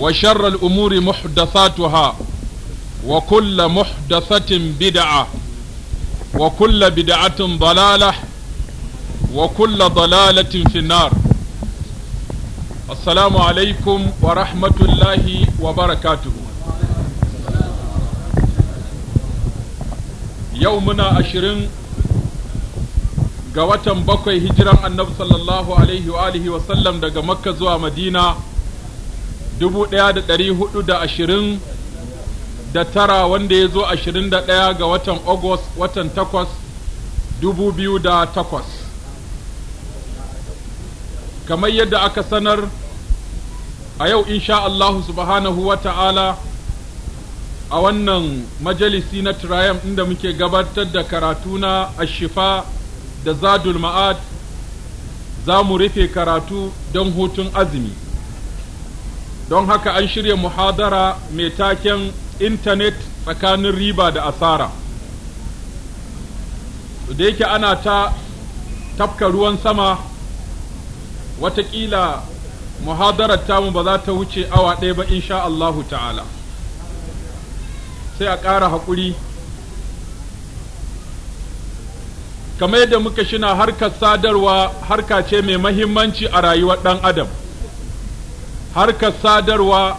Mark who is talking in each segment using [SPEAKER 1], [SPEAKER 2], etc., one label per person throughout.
[SPEAKER 1] وشر الأمور محدثاتها وكل محدثة بدعة وكل بدعة ضلالة وكل ضلالة في النار السلام عليكم ورحمة الله وبركاته يومنا عشرين ga watan bakwai hijiran annabi sallallahu alaihi wa alihi daga makka zuwa madina dubu ɗaya da ɗari hudu da ashirin da tara wanda ya zo ashirin da ɗaya ga watan Agus watan takwas dubu biyu da takwas kamar yadda aka sanar a yau insha Allahu subhanahu wa ta'ala a wannan majalisi na Tirayam inda muke gabatar da karatu na ashifa da zadul ma'ad za mu rufe karatu don hutun azumi don haka an shirya muhadara mai taken intanet tsakanin riba da asara da yake ana ta tafka ruwan sama watakila muhadarar tamu ba za ta wuce awa ɗaya ba insha Allahu ta'ala sai a ƙara haƙuri kamar yadda muka shina harkar sadarwa harka ce mai mahimmanci a rayuwar ɗan adam harkar sadarwa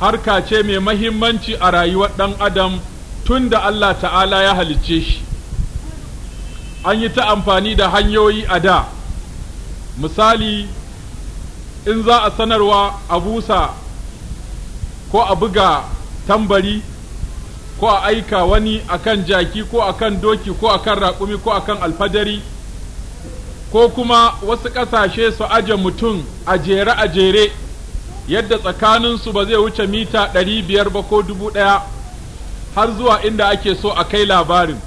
[SPEAKER 1] harka ce mai mahimmanci a rayuwar ɗan adam tun da Allah ta'ala ya halicce shi an yi ta amfani da hanyoyi a da misali in za a sanarwa a busa ko a buga tambari ko a aika wani akan jaki ko akan doki ko akan raƙumi ko akan alfadari ko kuma wasu ƙasashe su aje mutum a jere a jere yadda tsakaninsu ba zai wuce mita ɗari biyar ba ko dubu ɗaya har zuwa inda ake so a kai labarin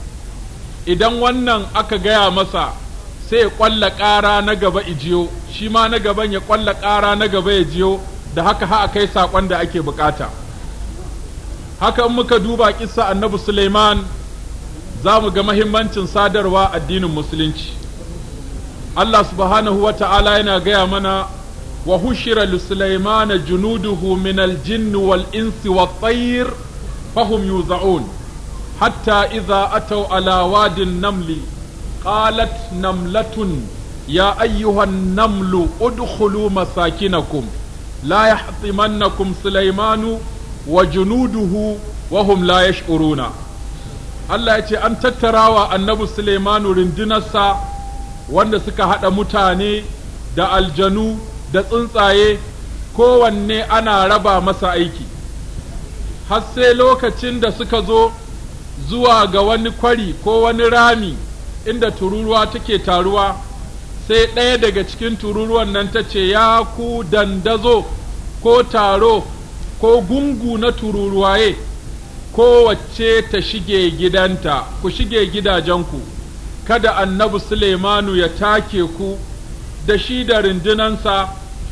[SPEAKER 1] idan wannan aka gaya masa sai ya ƙwalla ƙara na gaba ijiyo shi ma na gaban ya ƙwalla ƙara na gaba ya jiyo da haka ha a kai saƙon da ake buƙata haka in muka duba kissa annabi suleiman za mu ga mahimmancin sadarwa addinin musulunci Allah subhanahu wa ta'ala yana gaya mana wa hushira li sulaimana junuduhu min al wal insi wat tayr fahum yuzaun hatta iza atau ala wadin namli qalat namlatun ya ayyuhan namlu udkhulu masakinakum la yahtimannakum sulaimanu wa junuduhu wa hum la yash'uruna Allah ya ce an tattarawa annabi Sulaimanu rundunarsa wanda suka haɗa mutane da aljanu da tsuntsaye kowanne ana raba masa aiki har sai lokacin da suka zo zuwa ga wani kwari ko wani rami inda tururuwa take taruwa sai ɗaya daga cikin tururuwan nan ta ce ya ku dandazo ko taro ko gungu na tururuwaye kowace ta shige gidanta ku shige gidajenku kada annabi Suleimanu ya take ku da shi da rundunansa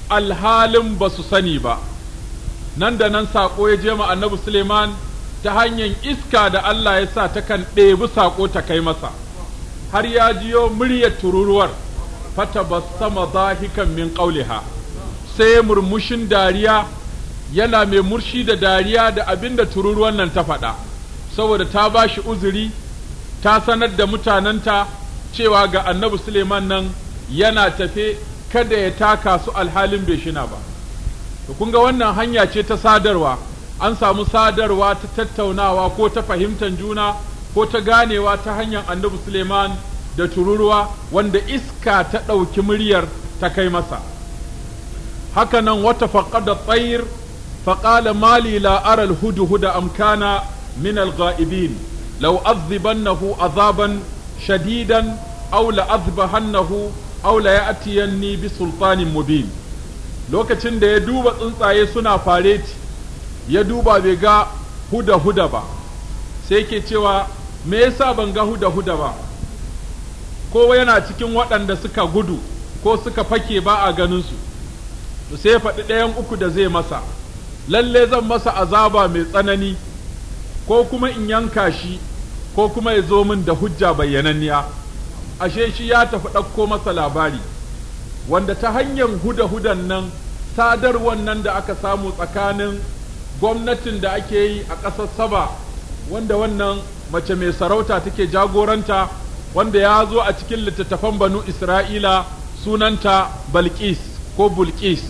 [SPEAKER 1] alhalin ba su sani ba nan da nan saƙo ya je ma annabi Suleiman ta hanyar iska da Allah ya sa ta kan ɗebi saƙo ta kai masa har ya jiyo muryar tururuwar fata ba sama zahikan min ƙauliha sai murmushin dariya yana mai murshi da dariya da abin da tururuwan nan ta faɗa saboda ta ba shi uzuri ta sanar da mutanenta cewa ga annabi Suleiman nan yana tafe kada ya taka su alhalin bai shina ba to kun ga wannan hanya ce ta sadarwa an samu sadarwa ta tattaunawa ko ta fahimtar juna ko ta ganewa ta hanyar annabi Suleiman da tururuwa wanda iska ta ɗauki muryar ta kai masa haka nan wata faƙada tsayir faƙala mali la'aral hudu huda amkana min al-ga'ibin lau nahu azaban shadidan aw la azbahannahu aw la ya'tiyanni bi sultanin mubin lokacin da ya duba tsuntsaye suna fareti ya duba bai ga huda huda ba sai ke cewa me yasa ban ga huda huda ba kowa yana cikin waɗanda suka gudu ko suka fake ba a ganinsu su sai faɗi ɗayan uku da zai masa lalle zan masa azaba mai tsanani ko kuma in yanka shi ko kuma ya zo min da hujja bayyananniya ashe shi ya tafi ɗauko masa labari wanda ta hanyar huda-hudan nan sadarwar nan da aka samu tsakanin gwamnatin da ake yi a ƙasar saba wanda wannan mace mai sarauta take jagoranta wanda ya zo a cikin littattafan banu isra'ila sunanta balkis ko bulkis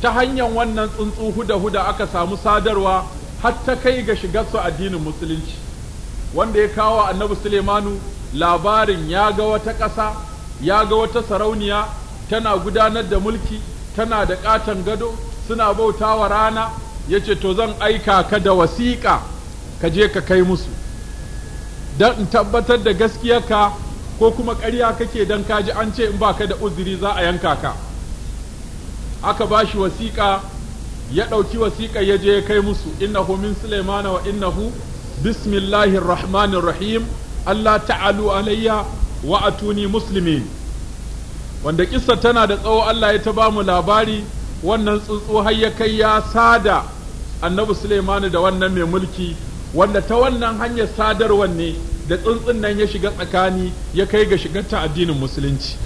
[SPEAKER 1] ta hanyar wannan tsuntsu huda-huda aka samu sadarwa har ta kai ga shigarsu addinin musulunci wanda ya kawo annabi Sulemanu labarin ya ga wata ƙasa ya ga wata sarauniya tana gudanar da mulki tana da ƙaton gado suna bautawa rana ya ce to zan aika ka da wasiƙa ka je ka kai musu don in tabbatar da ka ko kuma ƙarya kake don kaji an ce in baka da uzuri za a yanka ka aka ba shi wasiƙa ya ɗauki wasiƙa ya je ya kai musu innahu min sulaimana wa innahu bismillahir rahmanir rahim Allah ta'alu alayya عليا واتوني مسلمين wanda kissa tana da tsawo Allah ya ta mu labari wannan tsuntsu har ya kai ya sada annabi Sulaimanu da wannan mai mulki wanda ta wannan hanyar sadarwar ne da tsuntsun nan ya shiga tsakani ya kai ga shigar ta addinin musulunci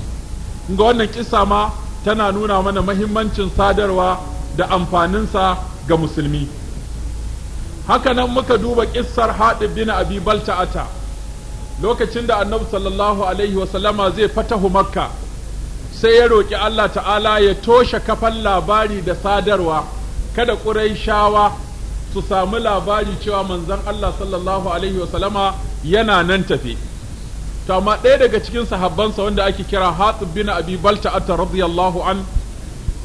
[SPEAKER 1] ga wannan kissa ma tana nuna mana mahimmancin sadarwa da amfaninsa ga musulmi hakanan muka duba kissar haɗib bin abi balta'ata lokacin da annabi sallallahu alaihi wasallama zai fatahu makka sai ya roƙi Allah ta'ala ya toshe kafan labari da sadarwa kada ƙuraishawa su samu labari cewa manzon Allah sallallahu alaihi wasallama yana nan tafe to amma ɗaya daga cikin sahabbansa wanda ake kira Hatib bin Abi Balta'ata radiyallahu an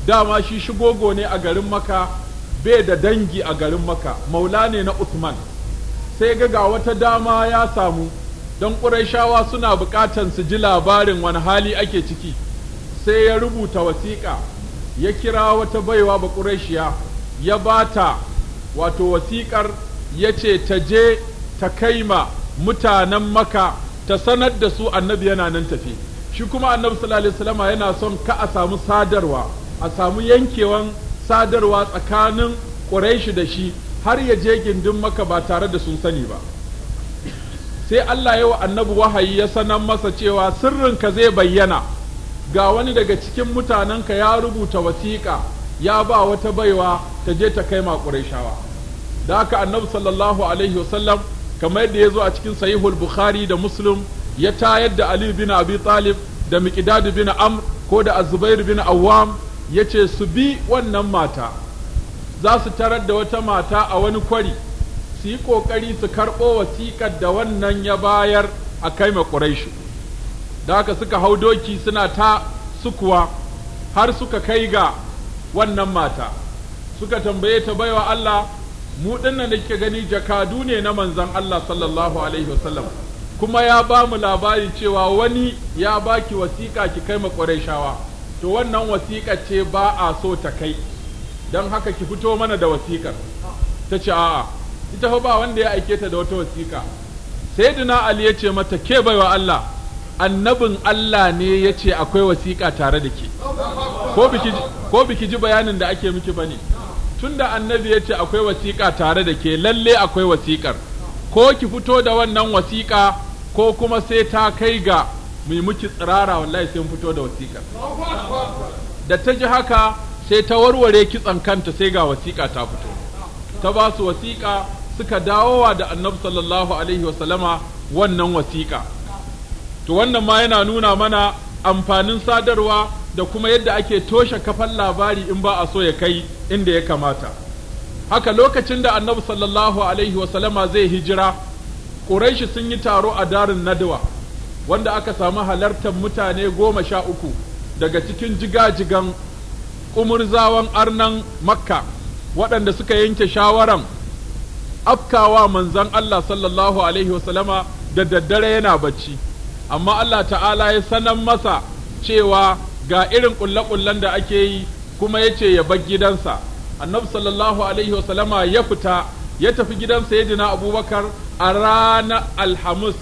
[SPEAKER 1] dama shi shigogo ne a garin Makka bai da dangi a garin maka maula ne na Uthman sai ga ga wata dama ya samu don ƙuraishawa suna buƙatar su ji labarin wani hali ake ciki sai ya rubuta wasiƙa ya kira wata baiwa ba ƙuraishiya ya ba ta wato wasiƙar ya ce ta je ta kai ma mutanen maka ta sanar da su annabi yana nan tafi shi kuma annabi sallallahu alaihi yana son ka a samu sadarwa a samu yankewan sadarwa tsakanin ƙuraishi da shi har ya je gindin maka ba tare da sun sani ba sai Allah ya wa annabi wahayi ya sanar masa cewa sirrin ka zai bayyana ga wani daga cikin mutanenka ya rubuta wasiƙa ya ba wata baiwa ta je ta kai ma ƙurayshawa da aka annabi sallallahu alaihi wasallam kamar yadda ya zo a cikin sahihul bukhari da muslim ya tayar da ali bin abi talib da miqdad bin amr ko da azubair bin awwam ya ce su bi wannan mata za su tarar da wata mata a wani kwari su yi ƙoƙari su karɓo wasiƙar da wannan ya bayar a kai ma ƙuraishu da aka suka hau doki suna ta sukuwa har suka kai ga wannan mata suka tambaye ta baiwa Allah mu dinnan da kike gani jakadu ne na manzan Allah sallallahu alaihi wasallam kuma ya ba mu labari cewa wani ya baki wasiƙa ki kai ma ƙuraishawa to wannan wasiƙa ce ba a so ta kai don haka ki fito mana da wasiƙar ta ce a'a ita ba wanda ya aike ta da wata wasiƙa duna ali ya ce mata ke wa Allah annabin Allah ne ya ce akwai wasiƙa tare da ke ko biki ji bayanin da ake miki bane da annabi ya ce akwai wasiƙa tare da ke lalle akwai wasiƙar ko ki fito da wannan wasiƙa ko kuma sai ta kai ga mu yi muki tsirara wallahi sai fito da wasiƙa da ta ji haka sai ta warware kitsan kanta sai ga wasiƙa ta fito ta ba su wasiƙa suka dawowa da annabi sallallahu alaihi wasallama wannan wasiƙa to wannan ma yana nuna mana amfanin sadarwa da kuma yadda ake toshe kafan labari in ba a so ya kai inda ya kamata haka lokacin da annabi sallallahu alaihi wasallama zai hijira ƙuraishi sun yi taro a darin nadwa. wanda aka samu halartar mutane goma sha uku daga cikin jigajigan umurzawan arnan makka waɗanda suka yanke shawaran afkawa manzan Allah sallallahu alaihi wasallama da daddare yana bacci amma Allah ta'ala ya sanan masa cewa ga irin ƙulle-ƙullen da ake yi kuma ya ce ya bar gidansa annabi sallallahu alaihi wasallama ya fita ya tafi gidansa ya jina abubakar a rana alhamis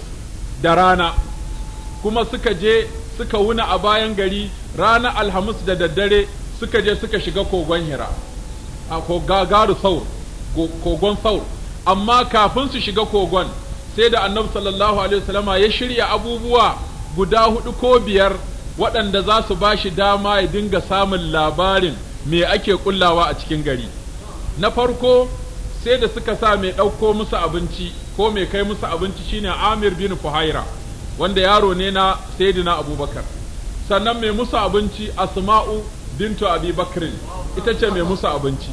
[SPEAKER 1] da rana kuma suka je suka wuna a bayan gari ranar alhamis da daddare suka je suka shiga kogon hira a saur kogon saur amma kafin su shiga kogon sai da annabi sallallahu alaihi wasallama ya shirya abubuwa guda hudu ko biyar waɗanda za su ba shi dama ya dinga samun labarin me ake kullawa a cikin gari na farko sai da suka sa mai ɗauko musu abinci ko mai kai musu abinci shine amir bin fuhaira wanda yaro ne na sayyidina abubakar sannan mai musu abinci asma'u bintu abi bakrin ita ce mai musu abinci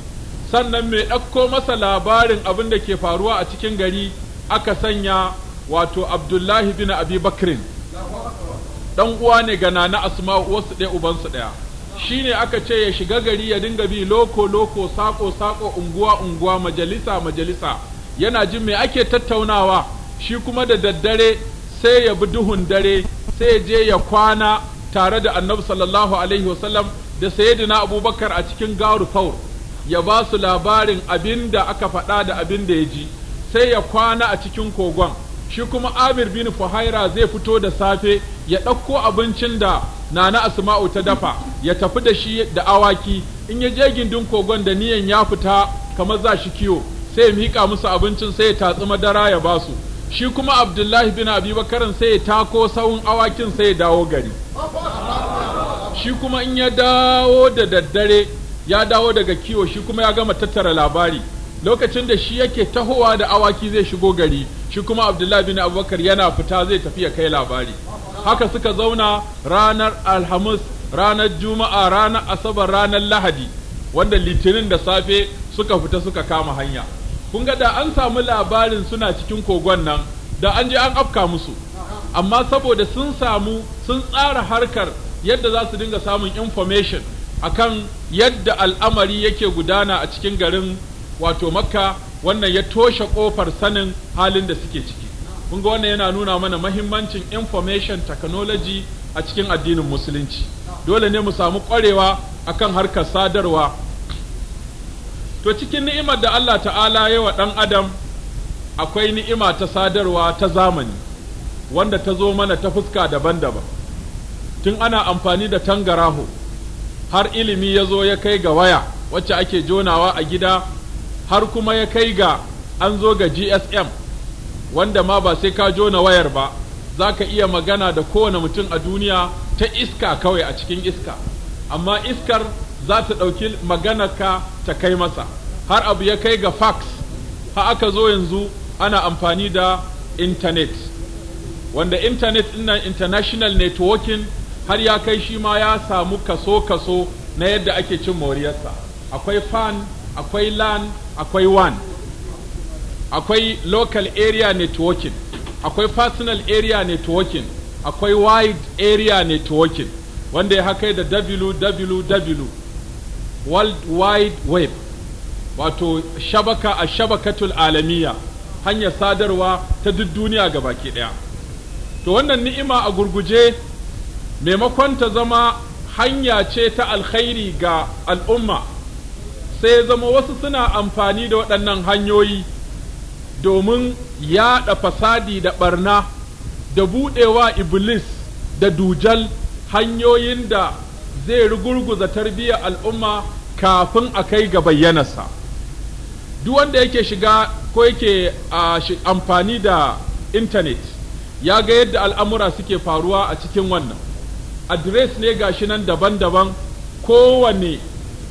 [SPEAKER 1] sannan mai ɗauko masa labarin abin da ke faruwa a cikin gari aka sanya wato abdullahi bin abi bakrin dan uwa ne ga nana asma'u wasu ɗaya ubansu ɗaya shi ne aka ce ya shiga gari ya dinga bi loko loko sako sako unguwa unguwa majalisa majalisa yana jin me ake tattaunawa shi kuma da daddare sai ya bi duhun dare sai je ya kwana tare da annabi sallallahu alaihi wasallam da sayyidina abubakar a cikin garu faur ya ba su labarin abin da aka faɗa da abin da ya ji sai ya kwana a cikin kogon shi kuma amir bin fuhaira zai fito da safe ya ɗauko abincin da nana asma'u ta dafa ya tafi da shi da awaki in ya je gindin kogon da niyan ya fita kamar za shi kiwo sai ya miƙa musu abincin sai ya tatsi madara ya ba su shi kuma abdullahi bin bakarin sai ya tako sawun awakin sai ya dawo gari shi kuma in ya dawo da daddare ya dawo daga kiwo shi kuma ya gama tattara labari lokacin da shi yake tahowa da awaki zai shigo gari shi kuma abdullahi bin abubakar yana fita zai tafi ya kai labari haka suka zauna ranar alhamis ranar juma'a ranar asabar ranar lahadi wanda litinin da safe suka fita suka kama hanya kun ga da an samu labarin suna cikin kogon nan da an je an afka musu amma saboda sun samu sun tsara harkar yadda za su dinga samun information akan yadda al'amari yake gudana a cikin garin wato makka wannan ya toshe kofar sanin halin da suke ciki kun ga wannan yana nuna mana mahimmancin information technology a cikin addinin musulunci dole ne mu samu kwarewa akan harkar sadarwa to cikin ni'imar da Allah ta'ala ya wa ɗan adam akwai ni'ima ta sadarwa ta zamani wanda ta zo mana ta fuska daban-daban tun ana amfani da tangaraho har ilimi ya zo ya kai ga waya wacce ake jonawa a gida har kuma ya kai ga an zo ga gsm wanda ma ba sai ka jona wayar ba za ka iya magana da kowane mutum a duniya ta iska kawai a cikin iska amma iskar za ta ɗauki ka ta kai masa har abu ya kai ga fax har aka zo yanzu ana amfani da intanet wanda intanet ina international networking har ya kai shi ma ya samu kaso-kaso na yadda ake cin moriyarsa akwai fan akwai lan akwai wan akwai local area networking akwai personal area networking akwai wide area networking wanda ya haka da www world wide web wato shabaka a shabakatul alamiya hanyar sadarwa ta duk duniya ga baki ɗaya to wannan ni'ima a gurguje maimakon ta zama hanya ce ta alkhairi ga al'umma sai zama wasu suna amfani da waɗannan hanyoyi domin yaɗa fasadi da ɓarna da buɗewa iblis da dujal hanyoyin da zai rugurguza tarbiyyar al'umma kafin a kai ga bayyanarsa duk wanda yake shiga ko yake amfani da intanet ya ga yadda al'amura suke faruwa a cikin wannan adires ne gashi nan daban-daban kowane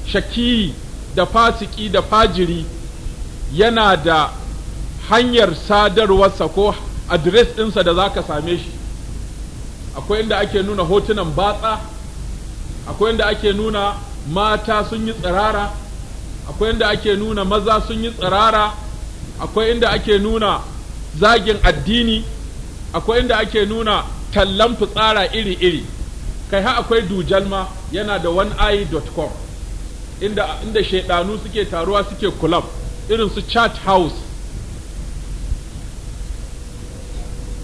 [SPEAKER 1] shaki da fasiki da fajiri yana da hanyar sadarwarsa ko adres ɗinsa da za ka same shi akwai inda ake nuna hotunan batsa akwai inda ake nuna mata sun yi tsirara akwai inda ake nuna maza sun yi tsirara akwai inda ake nuna zagin addini akwai inda ake nuna tallan fitsara iri-iri kai ha akwai dujalma yana da oneeye.com inda inda shaidanu suke taruwa suke kulab irin su chat house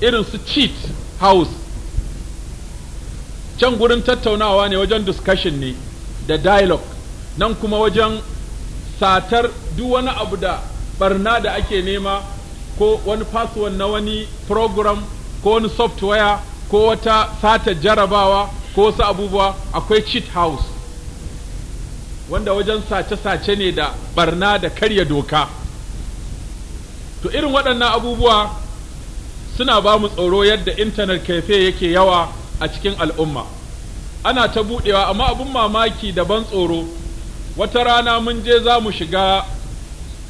[SPEAKER 1] irin su cheat house can gurin tattaunawa ne wajen discussion ne da dialogue nan kuma wajen satar duk wani abu da barna da ake nema ko wani password na wani program ko wani software ko wata sata jarabawa ko wasu abubuwa akwai cheat house wanda wajen sace-sace ne da barna da karya doka to irin waɗannan abubuwa suna ba mu tsoro yadda intanet cafe yake yawa a cikin al'umma ana ta buɗewa amma abin mamaki da ban tsoro wata rana mun je za mu shiga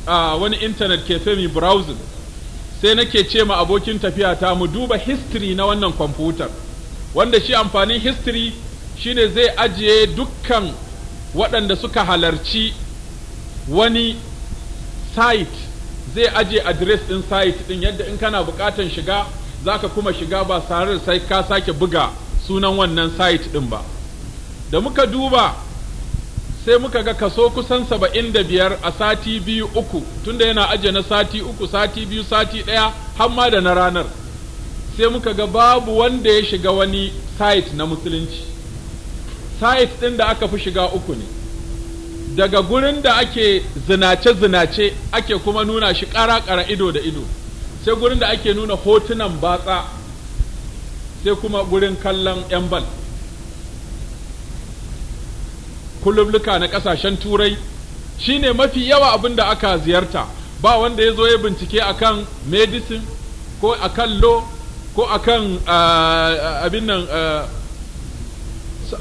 [SPEAKER 1] a wani intanet cafe mi browsing sai nake ce ma abokin tafiya ta mu duba history na wannan kwamfutar wanda shi amfanin history shine zai ajiye dukkan waɗanda suka halarci wani site zai ajiye address din site ɗin yadda in kana buƙatan shiga zaka kuma shiga ba tare da sai ka sake buga sunan wannan site ɗin ba da muka duba sai muka ga kaso kusan saba'in da biyar a sati biyu uku tunda yana aje na sati uku sati biyu sati ɗaya hamma da na ranar sai muka ga babu wanda ya shiga wani site na musulunci site ɗin da aka fi shiga uku ne daga gurin da ake zinace-zinace ake kuma nuna shi ƙara-ƙara ido da ido sai gurin da ake nuna hotunan batsa sai kuma gurin kallon 'yan bal kulubluka na ƙasashen turai shine mafi yawa abin da aka ziyarta ba wanda ya zo ya bincike akan medicine ko akan lo ko akan ah, abin nan ah,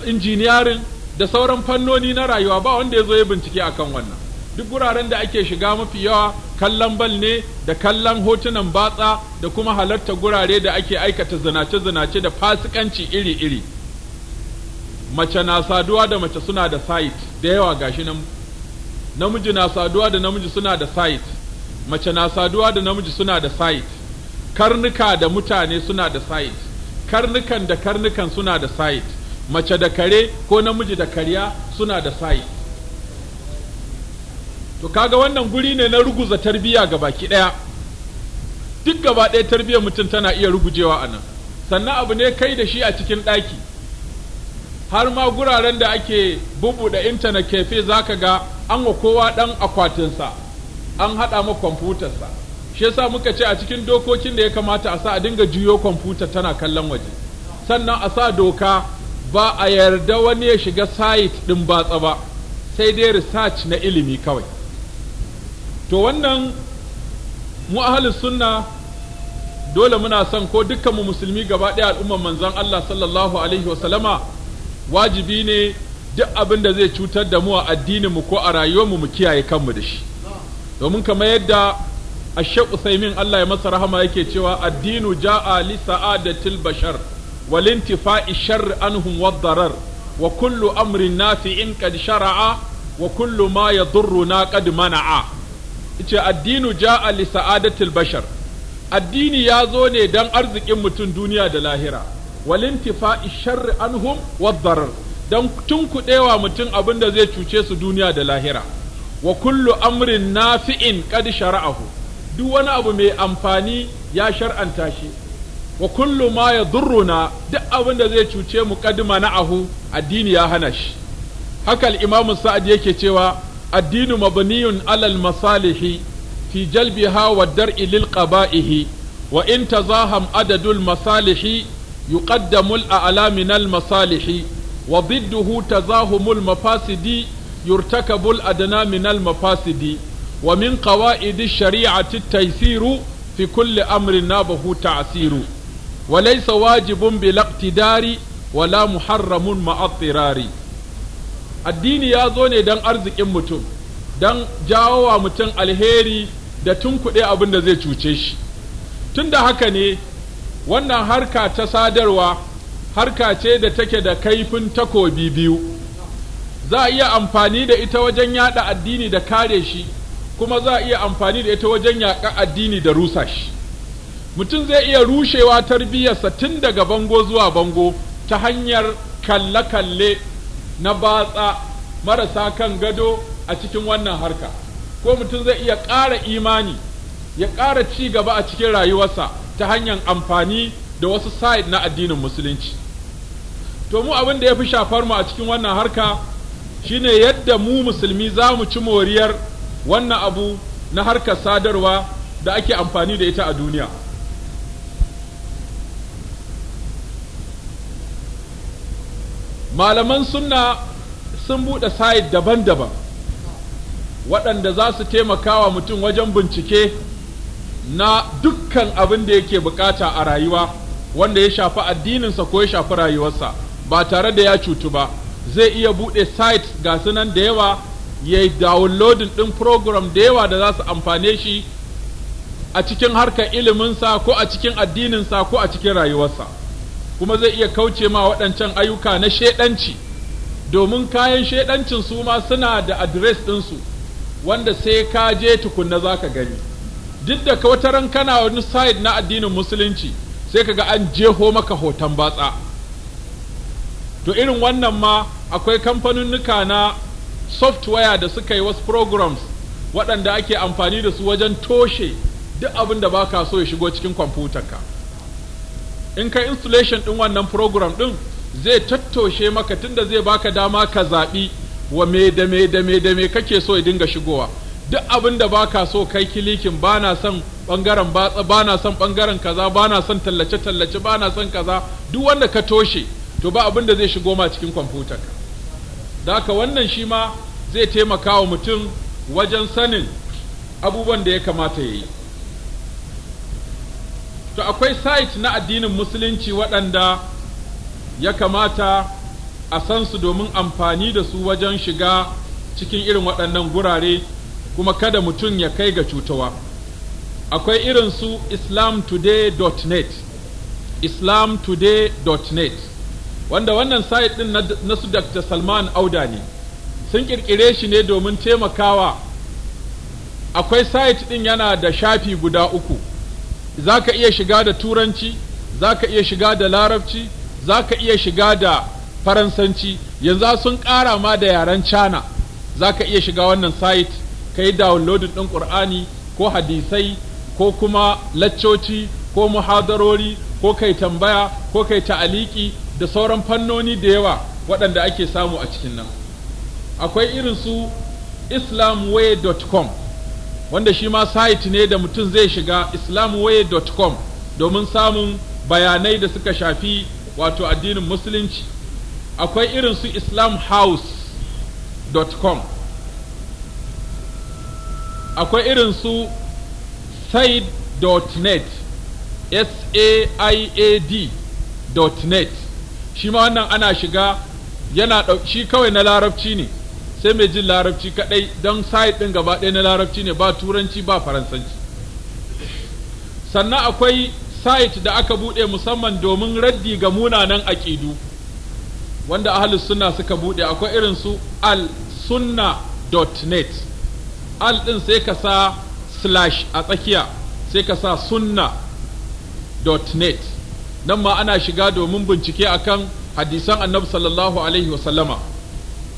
[SPEAKER 1] injiniyarin da sauran fannoni na rayuwa ba wanda ya zo ya bincike akan wannan duk guraren da ake shiga mafi yawa kallon bal ne da kallon hotunan batsa da kuma halarta gurare da ake aikata zinace-zinace da fasikanci iri-iri mace na saduwa da mace suna da site da yawa gashi nan namiji na saduwa da namiji suna da site mace na saduwa da namiji suna da site karnuka da mutane suna da site karnukan da karnukan suna da site mace da kare ko namiji da karya suna da site to kaga wannan guri ne na ruguza tarbiya ga baki ɗaya duk gaba ɗaya tarbiyyar mutum tana iya rugujewa a nan sannan abu ne kai da shi a cikin ɗaki har ma guraren da ake bubuɗe intanet kefe za ka ga an wa kowa ɗan akwatinsa an haɗa ma kwamfutarsa shi yasa muka ce a cikin dokokin da ya kamata a sa a dinga juyo kwamfuta tana kallon waje sannan a sa doka ba a yarda wani ya shiga site ɗin batsa ba sai dai research na ilimi kawai to wannan mu ahalin sunna dole muna son ko dukkan mu musulmi gaba ɗaya al'umman Manzan Allah sallallahu alaihi wa sallama wajibi ne duk abin da zai cutar da mu a addinin mu ko a rayuwar mu mu kiyaye kanmu da shi domin kamar yadda Ashaq Usaimin Allah ya masa rahama yake cewa addinu ja'a li sa'adatil bashar wal intifa'i sharr anhum wad darar wa kullu amrin nafi'in qad shara'a wa kullu ma na qad mana'a ce addinu ja'a li sa'adatil bashar addini ya zo ne don arzikin mutum duniya da lahira walintifa'i sharri anhum waddarar don tunkuɗewa mutum abin da zai cuce su duniya da lahira wa kullu amrin nafi'in qad shara'ahu duk wani abu mai amfani ya shar'anta shi wa kullu ma yadurruna duk abin da zai cuce mu na ahu addini ya hana shi haka al-imam sa'ad yake cewa الدين مبني على المصالح في جلبها والدرء للقبائه وإن تزاهم عدد المصالح يقدم الأعلى من المصالح وضده تزاهم المفاسد يرتكب الأدنى من المفاسد ومن قواعد الشريعة التيسير في كل أمر نابه تعسير وليس واجب بلا اقتدار ولا محرم مع اضطرار addini ya zo ne don arzikin mutum don jawo wa mutum alheri da tunkuɗe abin da zai cuce shi tun da haka ne wannan harka ta sadarwa harka ce da take da kaifin takobi biyu za a iya amfani da ita wajen yada addini da kare shi kuma za a iya amfani da ita wajen yaƙa addini da rusa shi mutum zai iya rushewa tarbiyyarsa tun daga bango zuwa bango ta hanyar kalle-kalle na batsa marasa kan gado a cikin wannan harka ko mutum zai iya ƙara imani ya ƙara ci gaba a cikin rayuwarsa ta hanyar amfani da wasu side na addinin musulunci to mu abin da ya fi shafar mu a cikin wannan harka shine yadda mu musulmi za mu ci moriyar wannan abu na harkar sadarwa da ake amfani da ita a duniya malaman sunna sun buɗe site daban-daban waɗanda za su taimakawa mutum wajen bincike na dukkan abin da yake bukata a rayuwa wanda ya shafi addininsa ko ya shafi rayuwarsa ba tare da ya cutu ba zai iya buɗe site ga sunan da yawa ya yi downloading ɗin program da yawa da za su amfane shi a cikin harkar iliminsa ko a cikin addininsa ko a cikin rayuwarsa kuma zai iya kauce ma waɗancan ayyuka na shaidanci domin kayan shaɗancin su ma suna da adres ɗinsu wanda sai ka je tukunna za ka gani duk da wata ran kana wani side na addinin musulunci sai ka ga an jeho maka hoton batsa to irin wannan ma akwai kamfaninnuka na software da suka yi wasu programs waɗanda ake amfani da su wajen toshe duk abin da baka so ya shigo cikin kwamfutarka. in ka installation ɗin wannan program ɗin zai tattoshe maka tunda zai baka dama ka zaɓi wa me da me da me da me kake so ya dinga shigowa duk abin da baka so kai kilikin na son bangaren batsa na son bangaren kaza ba na son tallace tallace ba na son kaza duk wanda ka toshe to ba abin da zai shigo ma cikin kwamfutar ka da haka wannan shi ma zai taimaka wa mutum wajen sanin abubuwan da ya kamata ya yi to akwai site na addinin musulunci waɗanda ya kamata a san su domin amfani da su wajen shiga cikin irin waɗannan gurare kuma kada mutum ya kai ga cutawa akwai irin su islamtoday.net islamtoday.net wanda wannan site ɗin na su Dr. Salman Auda ne sun ƙirƙire shi ne domin taimakawa akwai site ɗin yana da shafi guda uku za ka iya shiga da turanci za ka iya shiga da larabci za ka iya shiga da faransanci yanzu sun ƙara ma da yaren cana za ka iya shiga wannan site ka yi downloadin ɗin ƙur'ani ko hadisai ko kuma laccoci ko muhadarori ko kai tambaya ko kai ta'aliki da sauran fannoni da yawa waɗanda ake samu a cikin nan akwai irin su islamway.com wanda shi ma site ne da mutum zai shiga islamway.com domin samun bayanai da suka shafi wato addinin musulunci akwai irin su islamhouse.com akwai irin su said.net s-a-i-a-d.net shi ma wannan ana shiga yana shi kawai na larabci ne sai mai jin larabci kadai don site din gaba ɗaya na larabci ne ba turanci ba faransanci sannan akwai site da aka buɗe musamman domin raddi ga munanan aƙidu wanda ahalus sunna suka buɗe akwai irin su al al ɗin sai ka sa slash a tsakiya sai ka sa sunna.net nan ma ana shiga domin bincike akan hadisan annabi sallallahu alaihi wasallama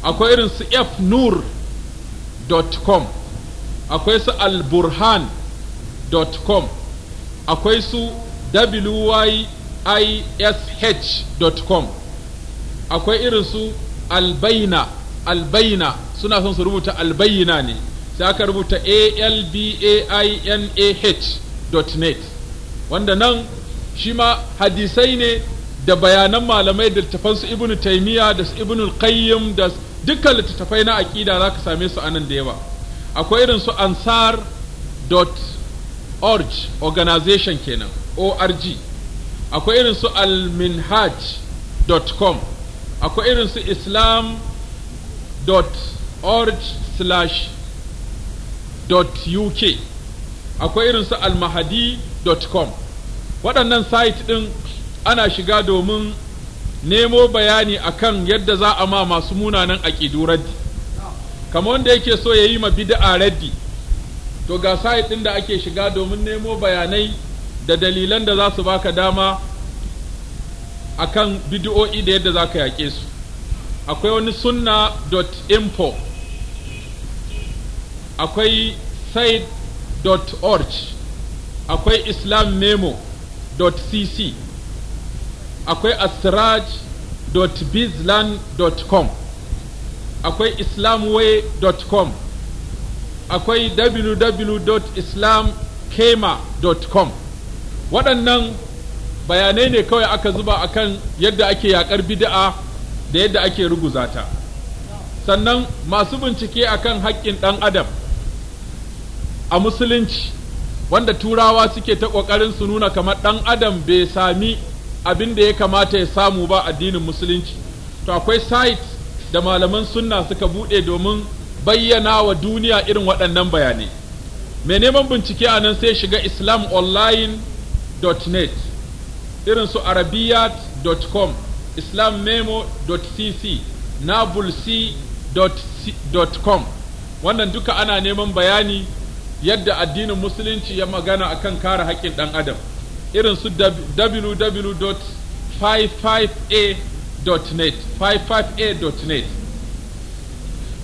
[SPEAKER 1] akwai irin su fnur.com akwai su alburhan.com akwai su wyISH.com akwai irin su albaina albaina suna son su rubuta albaina ne sai aka rubuta albainah.net wanda nan shi ma hadisai ne da bayanan malamai da tafansu ibnu taimiyya da su ibn qayyim da dukkan littattafai na aƙida za ka same su anan da yawa akwai irin su ansar.org organization kenan org akwai irin su alminhaj.com akwai irin su islam.org slash dot .uk akwai irin su almahadi.com waɗannan site ɗin ana shiga domin nemo bayani akan yadda za a ma masu munanan aƙidu raddi kamar wanda yake so ya yi ma bid'a raddi to ga site ɗin da ake shiga domin nemo bayanai da dalilan da za su baka dama akan bid'o'i da yadda za ka yaƙe su akwai wani sunna.info akwai site.org akwai islammemo.cc akwai astraj.bizland.com akwai islamway.com akwai www.islamkema.com waɗannan bayanai ne kawai aka zuba akan yadda ake yakar bid'a da yadda ake ruguzata sannan masu bincike akan haƙƙin ɗan adam a musulunci wanda turawa suke ta ƙoƙarin su nuna kamar ɗan adam bai sami abin da ya kamata ya samu ba addinin musulunci to akwai site da malaman sunna suka buɗe domin bayyana wa duniya irin waɗannan bayanai mai neman bincike a nan sai shiga islamonline.net irin su arabiyat.com islammemo.cc nabulsi.com wannan duka ana neman bayani yadda addinin musulunci ya magana akan kare haƙƙin ɗan adam irin su www.55a.net 55a.net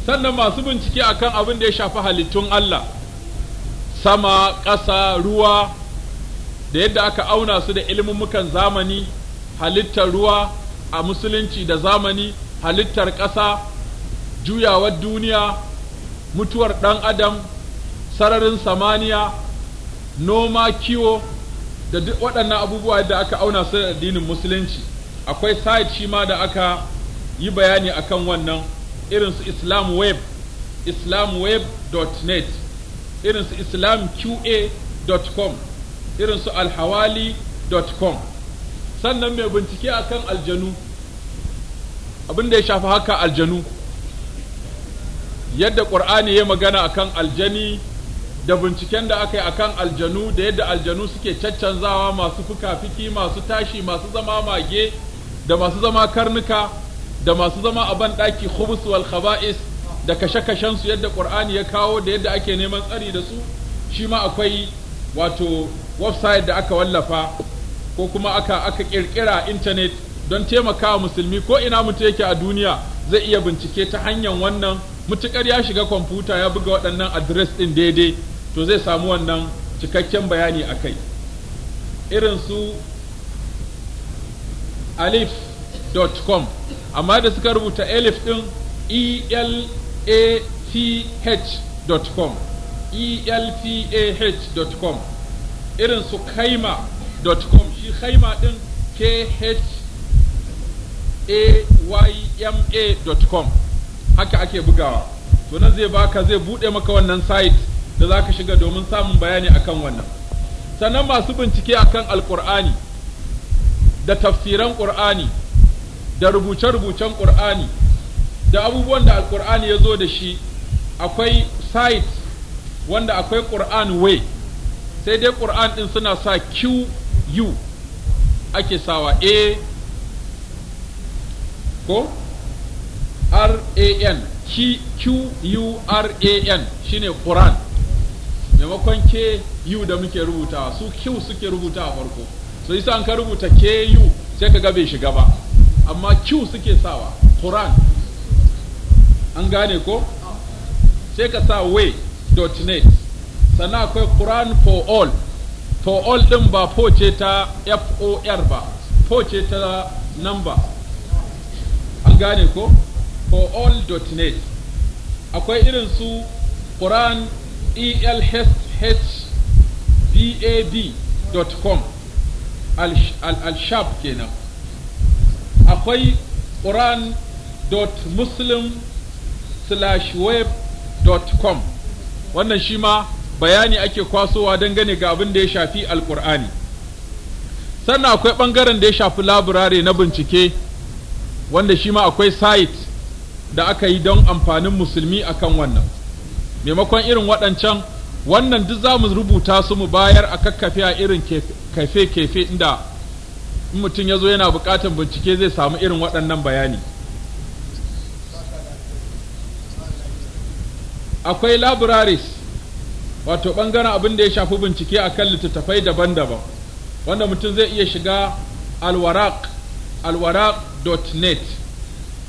[SPEAKER 1] sannan masu bincike akan abin da ya shafi halittun Allah sama ƙasa ruwa da yadda aka auna su da ilmummukan zamani halittar ruwa a musulunci da zamani halittar ƙasa juyawar duniya mutuwar ɗan adam sararin samaniya noma kiwo da duk waɗannan abubuwa yadda aka auna su da addinin musulunci akwai site shi ma da aka yi bayani akan wannan irin su islam web net irin su islamqa.com irin su com sannan mai bincike akan aljanu abin da ya shafi haka aljanu yadda ƙur'ani ya magana akan aljani da binciken da aka yi a kan aljanu da yadda aljanu suke caccanzawa masu fuka-fiki masu tashi masu zama mage da masu zama karnuka da masu zama a ban ɗaki khubus wal khaba'is da kashe-kashensu yadda ƙur'ani ya kawo da yadda ake neman tsari da su shi ma akwai wato website da aka wallafa ko kuma aka aka ƙirƙira intanet don taimakawa musulmi ko ina mutum yake a duniya zai iya bincike ta hanyar wannan mutukar ya shiga kwamfuta ya buga waɗannan adres ɗin daidai to zai samu wannan cikakken bayani a kai irin su alif.com amma da suka rubuta alif ɗin elafh.com elfah.com irin su kaima.com shi kaima ɗin khayma.com haka ake bugawa to nan zai baka zai buɗe maka wannan site da za ka shiga domin samun bayani akan wannan sannan masu bincike akan alkur'ani da tafsiran ƙur'ani da rubuce-rubucen ƙur'ani da abubuwan da alkur'ani ya zo da shi akwai site wanda akwai ƙur'an way sai dai ƙur'an ɗin suna sa qu ake sawa a ko r a n q u r a n shine ƙur'an maimakon yu da muke rubuta su kyau suke rubuta a farko so yasa an ka rubuta ke yu sai ka ga bai shiga ba amma kyau suke sawa quran an gane ko sai ka sa way.net sana akwai quran for all for all din ba fo ce ta for ba fo ce ta number an gane ko for all.net akwai irin su quran elhsvad.com al-shab kenan akwai quran muslim quran.muslim/web.com wannan shi ma bayani ake kwasowa don gane ga abin da ya shafi alkur'ani sannan akwai ɓangaren da ya shafi laburare na bincike wanda shi ma akwai site da aka yi don amfanin musulmi akan wannan maimakon irin waɗancan wannan duk za mu rubuta su mu bayar a kakkafe a irin kafe-kafe inda in mutum ya zo yana buƙatar bincike zai samu irin waɗannan bayani akwai labiraris wato ɓangaren abin da ya shafi bincike a kan littattafai daban-daban wanda mutum zai iya shiga alwaraq alwaraq.net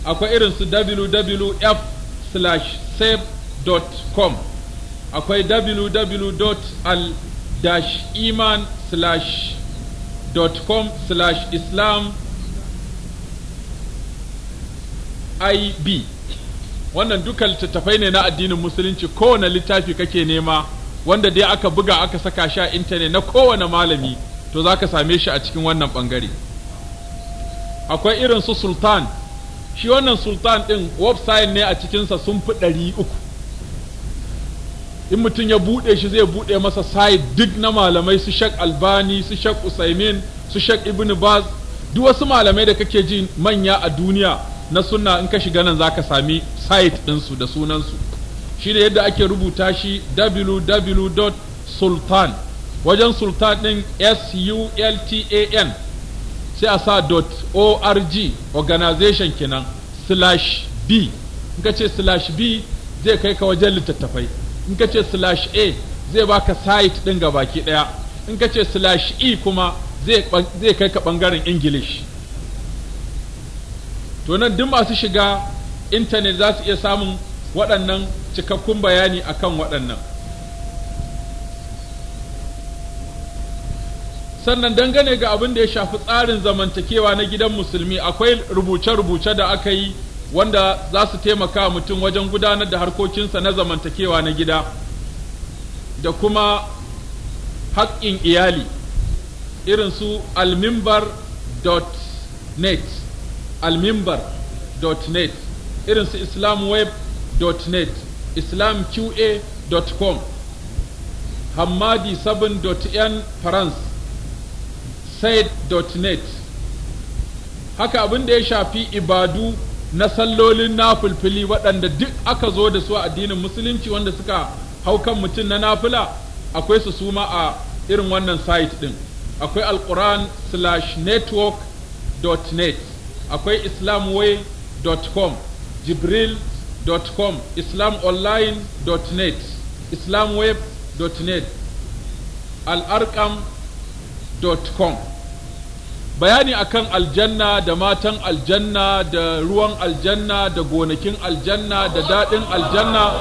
[SPEAKER 1] akwai irin su wwf/save www.iman.com akwai www.al-iman.com slash islam ib wannan duka littattafai ne na addinin musulunci kowane littafi kake nema wanda dai aka buga aka saka sha a intanet na kowane malami to za ka same shi a cikin wannan bangare akwai irin su sultan shi wannan sultan ɗin website ne a cikinsa sun fi ɗari uku in mutum ya buɗe shi zai buɗe masa sai duk na malamai su shak albani su shak usaimin su shak ibn baz duk wasu malamai da kake ji manya a duniya na sunna in ka shiga nan zaka sami site ɗinsu da sunansu shi yadda ake rubuta shi www.sultan wajen sultan ɗin s-u-l-t-a-n sai a sa .org organization kenan slash b in ka ce slash b zai kai ka wajen littattafai in ka ce slash a zai baka site ɗin ga baki ɗaya in ka ce slash e kuma zai kai ka ɓangaren english to nan duk masu shiga intanet za su iya samun waɗannan cikakkun bayani akan waɗannan sannan dangane ga abin da ya shafi tsarin zamantakewa na gidan musulmi akwai rubuce-rubuce da aka yi wanda za su taimaka mutum wajen gudanar da harkokinsa na zamantakewa na gida da kuma haƙƙin iyali irin su almimbar.net almimbar.net irin su islamweb.net islamqa.com hammadi 7.n france said.net haka abin da ya shafi ibadu na sallolin nafulfili waɗanda duk aka zo da su a addinin musulunci wanda suka hau kan mutum na nafula akwai su suma a irin wannan site ɗin akwai alquran slash network dot net akwai dot dot dot com com jibril islam online net dot net al'arkam dot com. bayani akan aljanna da matan aljanna da ruwan aljanna da gonakin aljanna da daɗin aljanna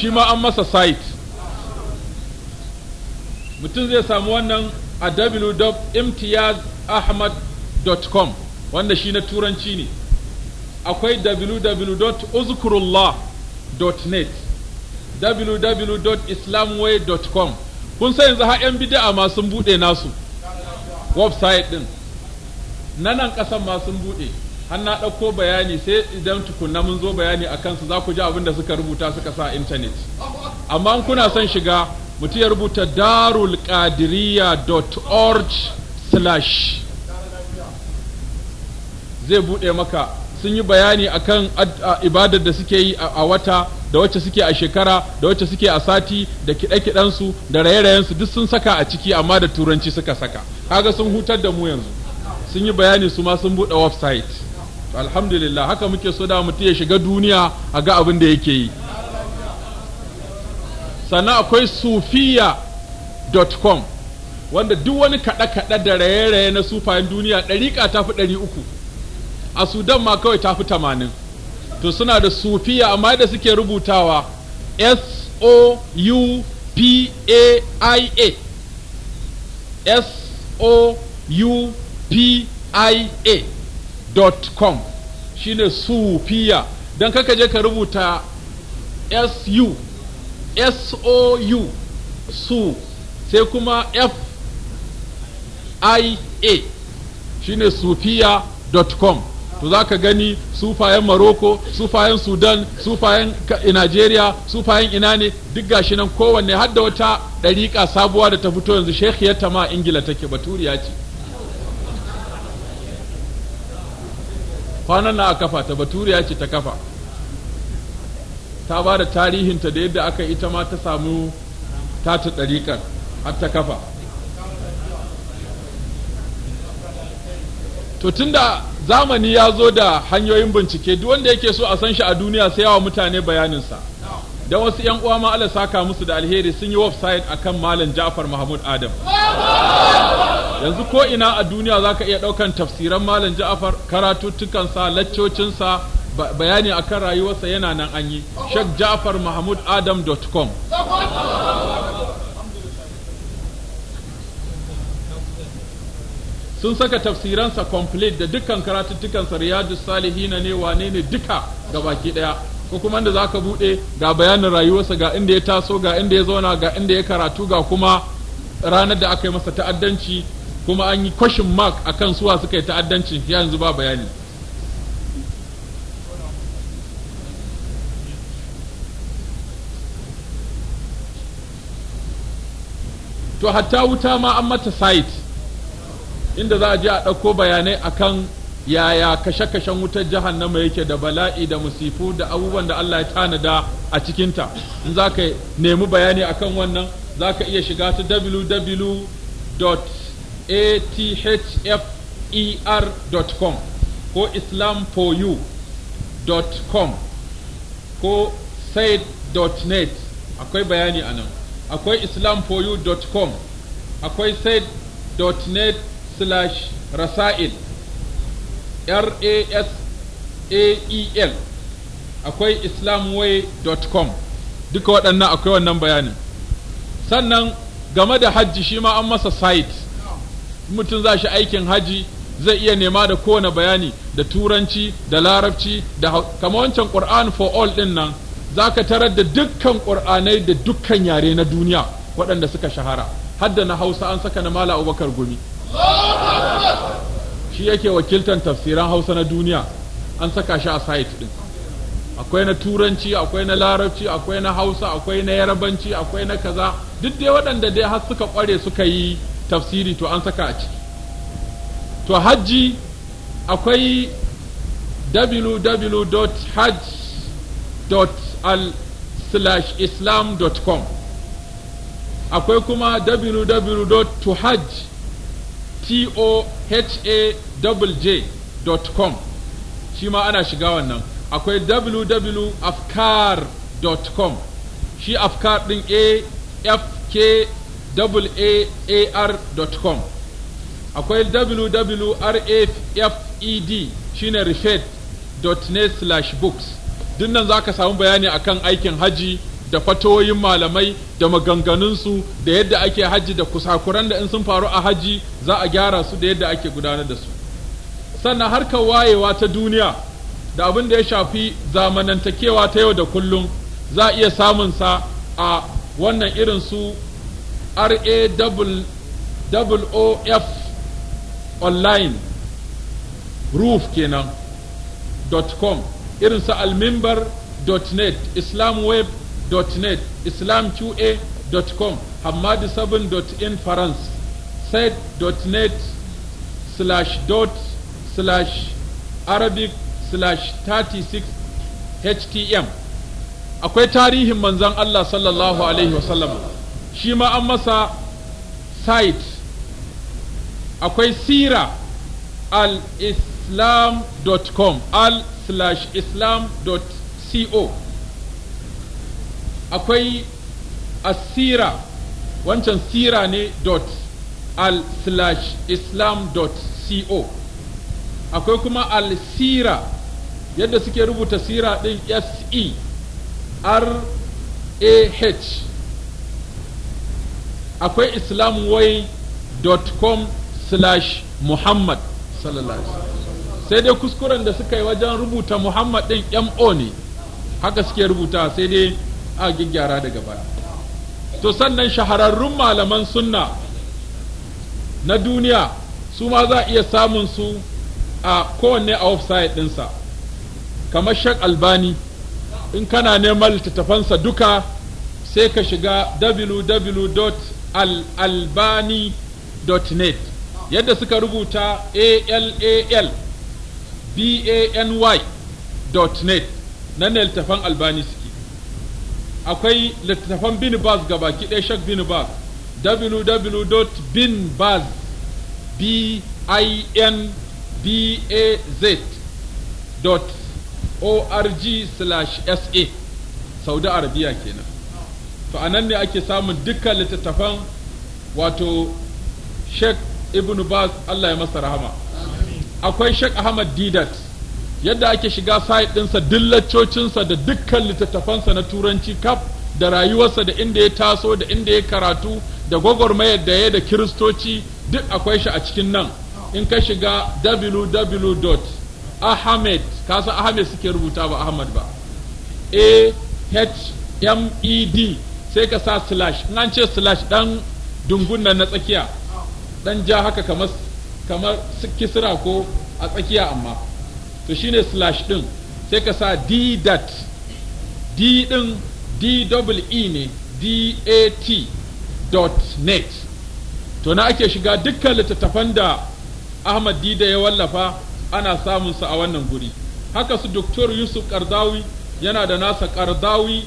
[SPEAKER 1] shi ma an masa site mutum zai samu wannan a www.imtiyazahmad.com wanda shi na turanci ne akwai www.uzkurullah.net www.islamway.com kun sai yanzu hayan 'yan bida'a ma sun buɗe nasu website ɗin na nan ƙasan ma sun buɗe har na ɗauko bayani sai idan tukunna mun zo bayani a kansu za ku ji abin da suka rubuta suka sa intanet amma kuna son shiga mutu ya rubuta darulkadiriya.org slash zai buɗe maka sun yi bayani a kan ibadar da suke yi a wata da wacce suke a shekara da wacce suke a sati da kiɗe-kiɗensu da raye-rayensu duk sun saka a ciki amma da turanci suka saka kaga sun hutar da mu yanzu sun yi bayani su ma sun buɗe website alhamdulillah haka muke so da mutum ya shiga duniya a ga abin da yake yi sannan akwai sufiya.com wanda duk wani kaɗe-kaɗe da raye-raye na sufayen duniya ɗariƙa ta fi ɗari uku a sudan ma kawai ta fi tamanin to suna da sufiya amma da suke rubutawa s o u p a i a s o u shi ne sufiya don kaka je ka rubuta su sou su sai kuma fia ne sufiya.com to za ka gani sufayen maroko sufayen sudan sufayen nigeria sufayen ina ne duk gashi nan kowanne har wata ɗariƙa sabuwa da ta fito yanzu shekhiyar ta ma ingila take baturiya ce kwanan na a kafa ta baturiya ce ta kafa ta ba da tarihinta da yadda aka ita ma ta samu tata ɗariƙar har ta kafa to tunda zamani ya zo da hanyoyin bincike duk wanda yake so a san shi a duniya sai yawa mutane bayaninsa da wasu 'yan uwa ma ala musu da alheri sun yi website akan malam ja'far mahmud adam yanzu ko ina a duniya za ka iya ɗaukan tafsiran malam Ja'far karatuttukansa laccocinsa bayani akan rayuwarsa yana nan an yi Sheikh Ja'far Mahmud Adam.com sun saka tafsiransa complete da dukkan karatuttukansa Riyadus Salihina ne wane ne duka gabaki daya ko kuma inda zaka bude ga bayanin rayuwarsa ga inda ya taso ga inda ya zauna ga inda ya karatu ga kuma ranar da aka yi masa ta'addanci kuma an yi question mark a kan suwa suka yi ta'addancin yanzu ba bayani to hatta wuta ma an mata site inda za a je a ɗauko bayanai akan yaya kashe-kashen wutar nama yake da bala'i da musifu da abubuwan da Allah ya tanada a cikinta in za ka nemi bayani akan wannan za ka iya shiga ta www. athfer.com ko Islam com ko site.net akwai bayani a nan akwai islamforyou.com akwai site.net slash rasa'il r-a-s-a-e-l akwai islamway.com duka waɗannan akwai wannan bayanin sannan game da hajji shi ma an masa site mutum za shi aikin haji zai iya nema da kowane bayani da turanci da larabci da kama wancan qur'an for all ɗin nan Za ka tarar da dukkan ƙur'anai da dukkan yare na duniya waɗanda suka shahara hadda na hausa an saka na mala abubakar gumi shi yake wakiltan tafsiran hausa na duniya an saka shi a site ɗin. akwai na turanci akwai na larabci akwai na hausa akwai na yarabanci akwai na kaza duk dai waɗanda dai har suka ƙware suka yi tafsiri to an saka a ciki to hajji akwai www.hajj.al/islam.com akwai kuma www.tohajj.com shi ma ana shiga wannan akwai www.afkar.com shi afkar din a f k www.rafed.com akwai www.rafed shine refed.net/books dinnan za ka samu bayani akan aikin haji da fatoyin malamai da maganganunsu da yadda ake haji da kusakuran da in sun faru a haji za a gyara su da yadda ake gudanar da su sannan harkar wayewa ta duniya da abin da ya shafi zamanantakewa ta yau da kullum za a iya samunsa a wannan irin su f online roof kenan dot com irin su almimbar dot net islam web dot net islam qa dot com hamadi seven dot in france said dot net slash dot slash arabic slash thirty six htm akwai tarihin manzan allah sallallahu alaihi wasallam shi ma an masa site akwai sira alislamcom al-islam.co akwai asira wancan sira ne dot al-islam.co akwai kuma al-sira yadda suke rubuta sira din s e r a h akwai islamway.com slash muhammad sallallahu sai dai kuskuren da suka yi wajen rubuta muhammad ɗin mo ne haka suke rubuta sai dai a gyara daga baya to sannan shahararrun malaman sunna na duniya su ma za a iya samun su a kowanne a website ɗinsa kamar shek albani in kana neman littattafansa duka sai ka shiga www alalbani.net yadda suka rubuta a a a l l b alal net nan ne littafan albani suke akwai littafan bin baz gaba ɗaya shak bin baz www.binbaz b i n b a z org slash sa saudi arabiya kenan to a nan ne ake samun dukkan littattafan wato sheikh ibn bas allah ya masa rahama akwai sheikh ahmad didat yadda ake shiga site ɗinsa dillacocinsa da dukkan littattafansa na turanci kaf da rayuwarsa da inda ya taso da inda ya karatu da gwagwarmayar da ya da kiristoci duk akwai shi a cikin nan in ka shiga www.ahmed kasa ahmed suke rubuta ba ahmad ba a h m e d sai ka sa slash in ce slash dan dungun nan na tsakiya dan ja haka kamar kamar kisra ko a tsakiya amma to shine slash din sai ka sa d dot d din d double e ne d a t dot net to na ake shiga dukkan littattafan da ahmad dida ya wallafa ana samun sa a wannan guri haka su doktor yusuf kardawi yana da nasa kardawi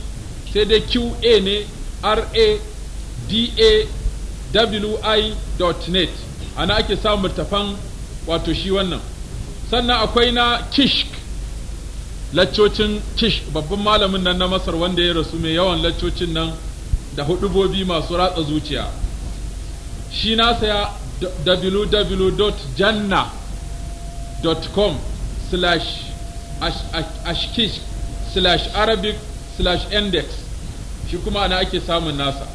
[SPEAKER 1] sai dai qa ne radawi.net ana ake samun murtafan wato shi wannan sannan akwai na kishk laccocin kishk babban malamin nan na masar wanda ya rasu mai yawan laccocin nan da hudubobi masu ratsa zuciya shi na saya www.janna.com slash ashkish slash arabic slash index shi kuma ana ake samun nasa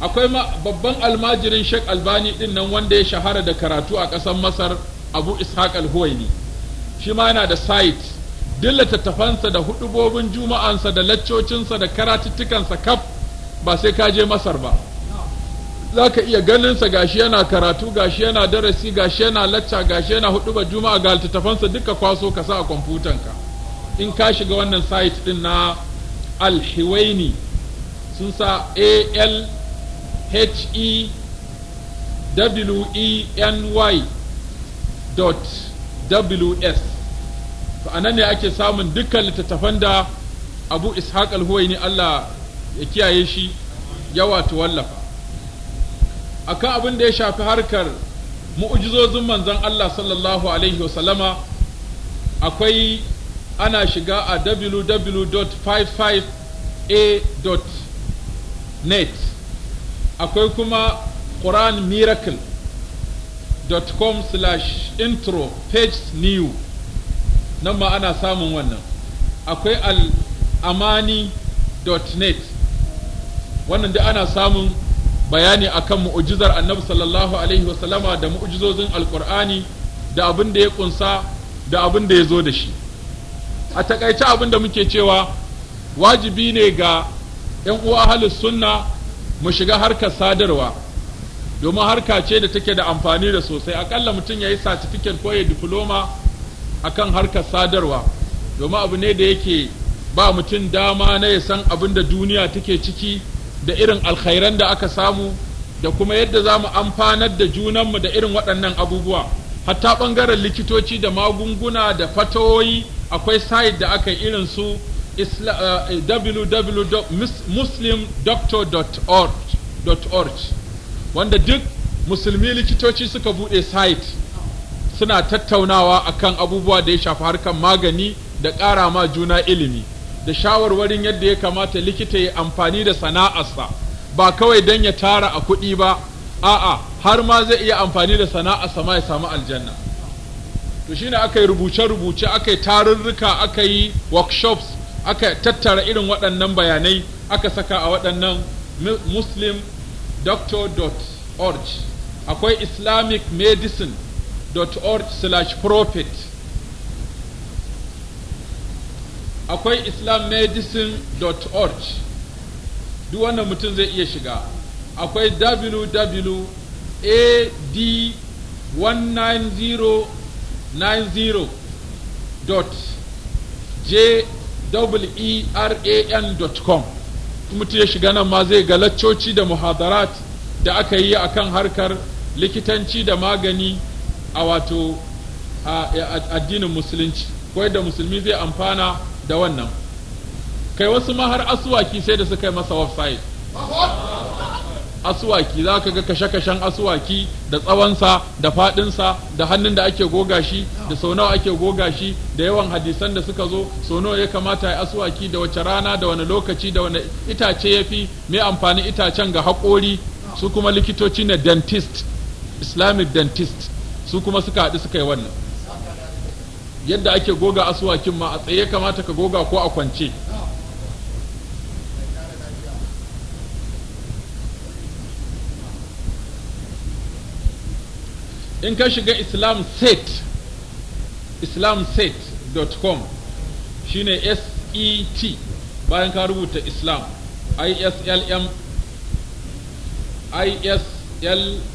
[SPEAKER 1] akwai babban almajirin sheik albani din nan wanda ya shahara da karatu a ƙasar masar abu ishaq alhuwaini shi ma yana da site duk littattafansa da hudubobin juma'ansa da laccocinsa da karatuttukansa kaf ba sai ka je masar ba za ka iya ganinsa gashi yana karatu gashi yana darasi gashi yana lacca gashi yana hudubar juma'a ga littattafansa duka kwaso ka sa a kwamfutanka in ka shiga wannan site din na alhiwaini sun sa a l h e w e n y dot W-S to nan ne ake samun dukkan littattafan da abu ishaq alhuwaini allah ya kiyaye shi yawa ta wallafa A kan abin da ya shafi harkar mu'ujizozin manzon allah sallallahu alaihi wasallama akwai ana shiga a www.55a.net akwai kuma quran com slash intro page new nan ma ana samun wannan akwai al'amani.net wannan da ana samun bayani akan mu'ujizar annabi sallallahu alaihi wasallama da mu'ujizozin alkur'ani da abin da ya kunsa da abin da ya zo da shi a takaice abin da muke cewa wajibi ne ga 'yan uwa ahalus sunna mu shiga harkar sadarwa domin harka ce da take da amfani da sosai akalla mutum ya yi satifiket ko ya diploma akan harkar sadarwa domin abu ne da yake ba mutum dama na ya san abin da duniya take ciki da irin alkhairan da aka samu da kuma yadda za mu amfanar da junanmu da irin waɗannan abubuwa hatta ɓangaren likitoci da magunguna da fatawoyi akwai site da aka irin su eh, www.muslimdoctor.org wanda duk musulmi likitoci suka bude site suna tattaunawa akan abubuwa da ya shafi harkar magani da ƙara ma juna ilimi da shawarwarin yadda ya kamata likita ya amfani da sana'arsa ba kawai don ya tara a kuɗi ba a'a har ma zai iya amfani da sana'arsa ma ya samu aljanna to shine aka yi rubuce-rubuce aka yi tarurruka aka yi workshops aka tattara irin waɗannan bayanai aka saka a waɗannan muslimdoctor.org akwai islamicmedicine.org slash profit akwai islammedicine.org duk wannan mutum zai iya shiga akwai www.ad 190 90 dot j e e com mutu ya shiga nan ma zai ga laccoci da muhadarat da aka yi a kan harkar likitanci da magani a wato addinin musulunci ko da musulmi zai amfana da wannan kai wasu ma har asuwaki sai da suka yi masa website asuwaki za ka ga kashe-kashen asuwaki da tsawonsa da faɗinsa da hannun da ake goga shi da sau nawa ake goga shi da yawan hadisan da suka zo sau nawa ya kamata ya asuwaki da wace rana da wani lokaci da wani itace ya fi mai amfani itacen ga haƙori su kuma likitoci na dentist islamic dentist su kuma suka haɗu suka yi wannan yadda ake goga asuwakin ma a tsaye kamata ka goga ko a kwance in ka shiga islam set islamset.com shine set bayan ka rubuta islam islm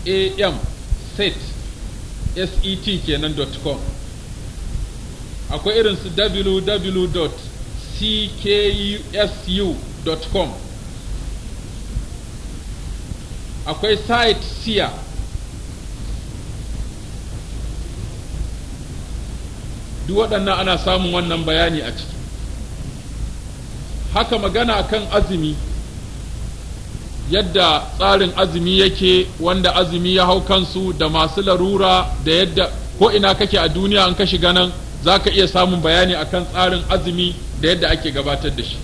[SPEAKER 1] islam set set kenan .com akwai irin su www.ckusu.com akwai site siya duk waɗannan ana samun wannan bayani a ciki haka magana kan azumi yadda tsarin azumi yake wanda azumi ya hau kansu da masu larura da yadda ko ina kake a duniya an ka shiga nan za ka iya samun bayani a kan tsarin azumi da yadda ake gabatar da shi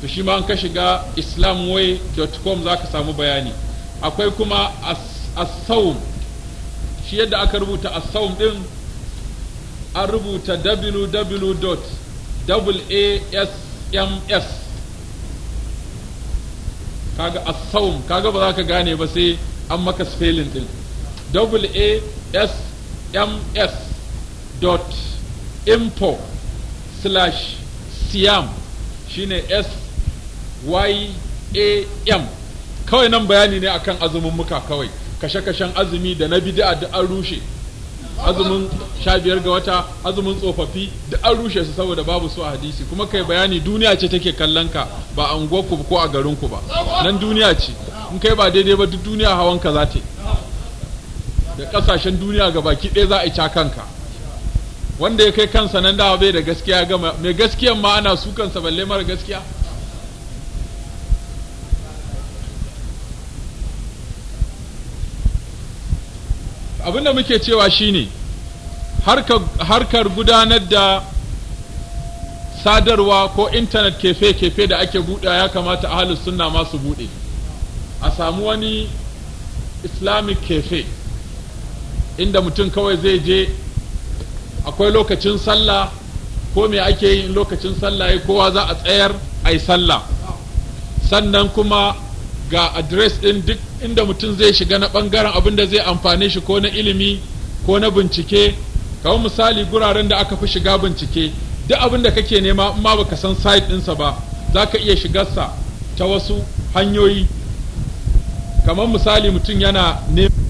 [SPEAKER 1] to shi ma an ka shiga islamway.com za ka samu bayani akwai kuma asawun shi yadda aka rubuta asawun ɗin. an rubuta www.asms kaga as kaga ba za ka gane ba sai an maka spelling din s dot info slash siam shine s y a m kawai nan bayani ne akan azumin muka kawai kashe-kashen azumi da na bid'a da an rushe azumin sha biyar ga wata azumin tsofaffi da an rushe su saboda babu su a hadisi kuma kai bayani duniya ce take kallon ka ba a unguwarku ko a garinku ba nan duniya ce in kai ba daidai ba duk duniya hawan ka za ta da kasashen duniya ga baki ɗaya za a yi ka. wanda ya kai kansa nan da bai da gaskiya gama mai gaskiyan ma ana su kansa balle mara gaskiya abin da muke cewa shine harkar gudanar da sadarwa ko intanet kefe-kefe da ake buɗe ya kamata a halin sunna masu buɗe a samu wani islamic kefe inda mutum kawai zai je akwai lokacin sallah ko me ake yi lokacin sallah ya kowa za a tsayar a yi sallah sannan kuma ga adres ɗin duk inda mutum zai shiga na ɓangaren abin da zai amfane shi ko na ilimi ko na bincike kawo misali guraren da aka fi shiga bincike duk abin da kake nema in ma baka san site ɗinsa ba za ka iya shigarsa ta wasu hanyoyi kamar misali mutum yana neman